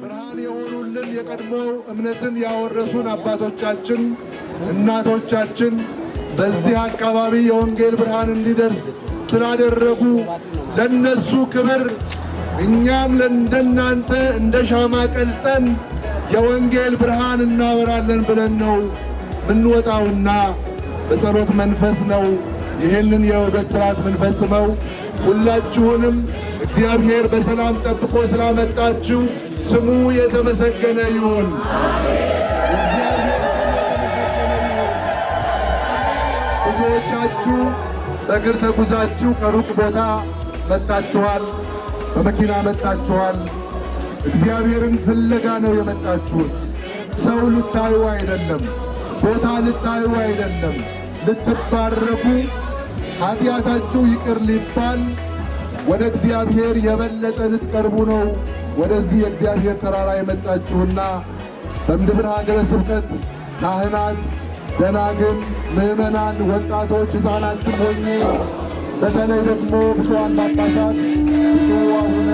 ብርሃን የሆኑልን የቀድሞ እምነትን ያወረሱን አባቶቻችን፣ እናቶቻችን በዚህ አካባቢ የወንጌል ብርሃን እንዲደርስ ስላደረጉ ለነሱ ክብር እኛም ለእንደናንተ እንደ ሻማ ቀልጠን የወንጌል ብርሃን እናበራለን ብለን ነው ምንወጣውና በጸሎት መንፈስ ነው ይህንን የውበት ሥርዓት ምንፈጽመው። ሁላችሁንም እግዚአብሔር በሰላም ጠብቆ ስላመጣችሁ ስሙ የተመሰገነ ይሁን። ብዙዎቻችሁ በእግር ተጉዛችሁ ከሩቅ ቦታ መጣችኋል፣ በመኪና መጣችኋል። እግዚአብሔርን ፍለጋ ነው የመጣችሁት። ሰው ልታዩ አይደለም፣ ቦታ ልታዩ አይደለም። ልትባረኩ፣ ኃጢአታችሁ ይቅር ሊባል ወደ እግዚአብሔር የበለጠ ልትቀርቡ ነው። ወደዚህ የእግዚአብሔር ተራራ የመጣችሁና በምድብር ሀገረ ስብከት ካህናት፣ ደናግል፣ ምዕመናን፣ ወጣቶች፣ ሕፃናትም ሆኜ በተለይ ደግሞ ብፁዓን ጳጳሳት ብፁዕ አቡነ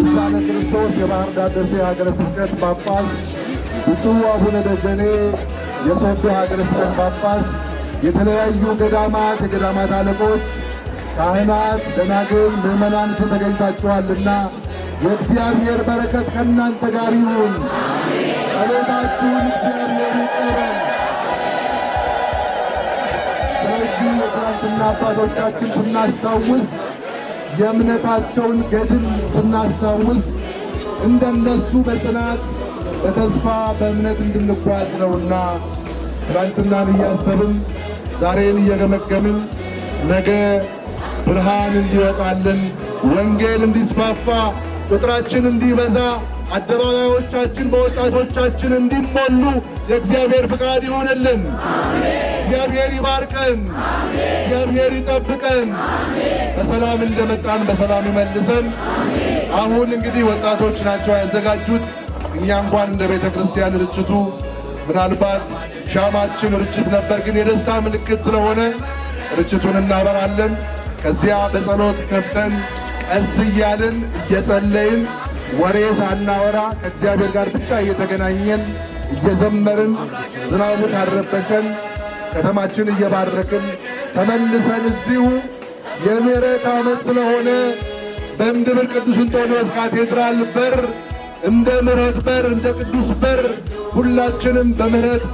ልሳነ ክርስቶስ የባህር ዳር ደሴ ሀገረ ስብከት ጳጳስ፣ ብፁዕ አቡነ ደጀኔ የሶዶ ሀገረ ስብከት ጳጳስ፣ የተለያዩ ገዳማት፣ የገዳማት አለቆች፣ ካህናት፣ ደናግል፣ ምዕመናን ስም ተገኝታችኋልና የእግዚአብሔር በረከት ከእናንተ ጋር ይሁን። ቀሌታችሁን እግዚአብሔር ይቀበል። ስለዚህ የትናንትና አባቶቻችን ስናስታውስ የእምነታቸውን ገድል ስናስታውስ እንደነሱ በጽናት በተስፋ በእምነት እንድንጓዝ ነውና ትናንትናን እያሰብን ዛሬን እየገመገምን ነገ ብርሃን እንዲወጣልን ወንጌል እንዲስፋፋ ቁጥራችን እንዲበዛ አደባባዮቻችን በወጣቶቻችን እንዲሞሉ የእግዚአብሔር ፍቃድ ይሆንልን። እግዚአብሔር ይባርቀን፣ እግዚአብሔር ይጠብቀን። በሰላም እንደመጣን በሰላም ይመልሰን። አሁን እንግዲህ ወጣቶች ናቸው ያዘጋጁት። እኛ እንኳን እንደ ቤተ ክርስቲያን ርችቱ ምናልባት ሻማችን ርችት ነበር፣ ግን የደስታ ምልክት ስለሆነ ርችቱን እናበራለን። ከዚያ በጸሎት ከፍተን ቀስ እያልን እየጸለይን ወሬ ሳናወራ ከእግዚአብሔር ጋር ብቻ እየተገናኘን እየዘመርን ዝናቡ ካረበሸን ከተማችን እየባረክን ተመልሰን እዚሁ የምሕረት ዓመት ስለሆነ በእምድብር ቅዱስ እንጦንዮስ ካቴድራል በር እንደ ምሕረት በር እንደ ቅዱስ በር ሁላችንም በምሕረት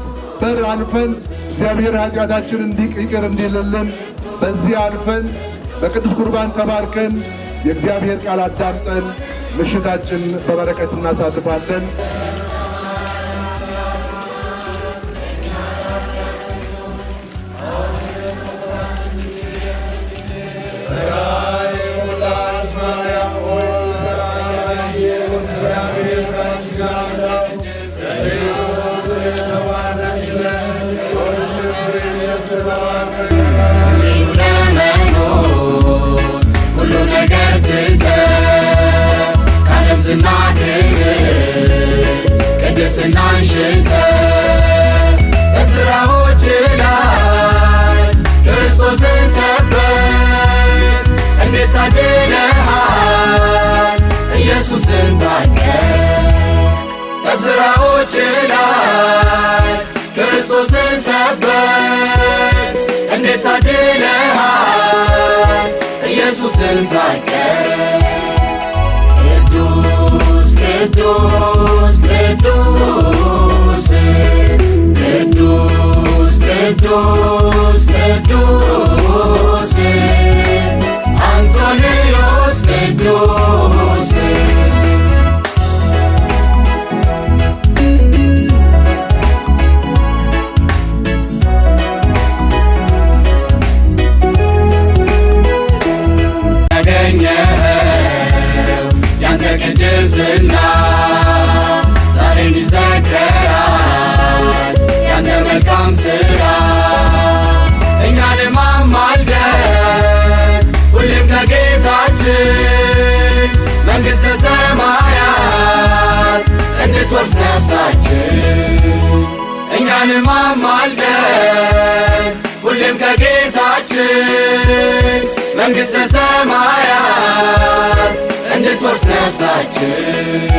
በር አልፈን እግዚአብሔር ኃጢአታችን እንዲቅር እንዲልልን በዚህ አልፈን በቅዱስ ቁርባን ተባርከን የእግዚአብሔር ቃል አዳምጠን ምሽታችን በበረከት እናሳልፋለን። በሥራዎች ላይ ክርስቶስን ሰበክ እንዴት ታድለሃል ኢየሱስን ታቀ ቅዱስ ቅዱስ ቅዱስ ቅዱስ ቅዱስ ቅዱስ አንቶንዮስ ቅዱስ ክርስቶስ ነፍሳችን ሁሌም ከጌታችን መንግሥተ ሰማያት እንድትወርስ ነፍሳችን